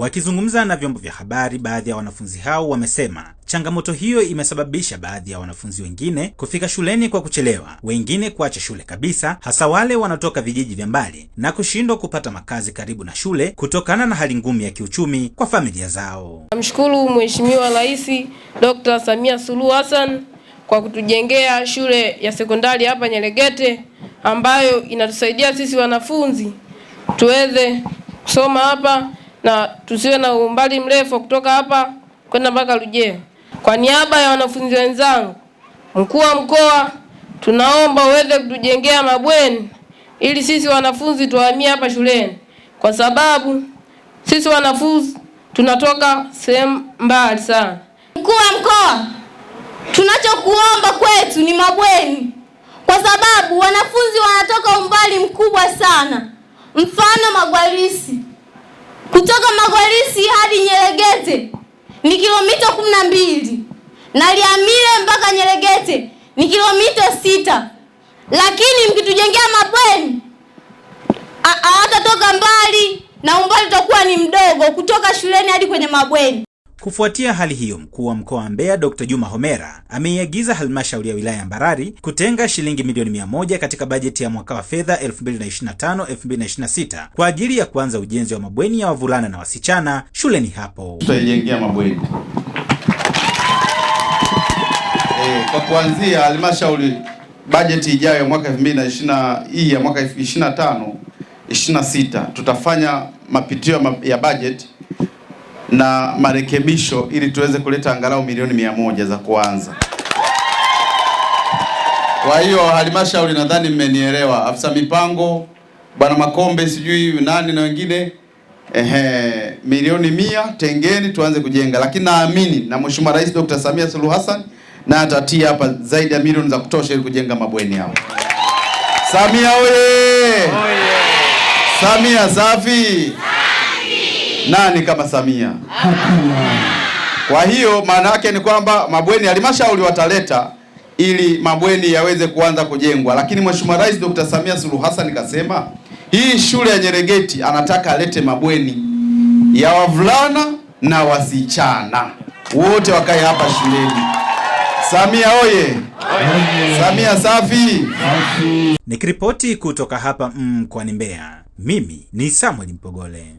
Wakizungumza na vyombo vya habari, baadhi ya wanafunzi hao wamesema changamoto hiyo imesababisha baadhi ya wanafunzi wengine kufika shuleni kwa kuchelewa, wengine kuacha shule kabisa, hasa wale wanaotoka vijiji vya mbali na kushindwa kupata makazi karibu na shule kutokana na hali ngumu ya kiuchumi kwa familia zao. Namshukuru Mheshimiwa Rais Dr. Samia Suluhu Hassan kwa kutujengea shule ya sekondari hapa Nyeregete ambayo inatusaidia sisi wanafunzi tuweze kusoma hapa na tusiwe na umbali mrefu kutoka hapa kwenda mpaka Ludewa. Kwa niaba ya wanafunzi wenzangu, mkuu wa mkoa, tunaomba uweze kutujengea mabweni ili sisi wanafunzi tuhamie hapa shuleni, kwa sababu sisi wanafunzi tunatoka sehemu mbali sana. Mkuu wa mkoa, tunachokuomba kwetu ni mabweni, kwa sababu wanafunzi wanatoka umbali mkubwa sana, mfano Magwarisi kutoka Magwarisi hadi Nyeregete ni kilomita kumi na mbili na Liamile mpaka Nyeregete ni kilomita sita, lakini mkitujengea mabweni hawatatoka mbali na umbali utakuwa ni mdogo kutoka shuleni hadi kwenye mabweni. Kufuatia hali hiyo, mkuu wa mkoa wa Mbeya Dr. Juma Homera ameiagiza halmashauri ya wilaya ya Mbarali kutenga shilingi milioni mia moja katika bajeti ya mwaka wa fedha 2025/2026 kwa ajili ya kuanza ujenzi wa mabweni ya wavulana na wasichana shuleni hapo. Tutajengea mabweni e, kwa kuanzia halmashauri bajeti ijayo ya mwaka 2020 hii ya mwaka 2025 26 tutafanya mapitio ya bajeti na marekebisho ili tuweze kuleta angalau milioni mia moja za kuanza. Kwa hiyo halmashauri, nadhani mmenielewa, afisa mipango bwana Makombe, sijui nani na wengine ehe, milioni mia tengeni tuanze kujenga, lakini naamini na Mheshimiwa Rais Dr. Samia Suluhu Hassan na atatia hapa zaidi ya milioni za kutosha ili kujenga mabweni hao. Samia oye! Samia safi! nani kama Samia? Kwa hiyo maana yake ni kwamba mabweni halmashauri wataleta ili mabweni yaweze kuanza kujengwa, lakini Mheshimiwa Rais Dr. Samia Suluhu Hassan kasema hii shule ya Nyeregeti anataka alete mabweni ya wavulana na wasichana wote wakae hapa shuleni. Samia oye! Samia safi! Nikiripoti kutoka hapa mkoani mm, Mbeya, mimi ni Samuel Mpogole.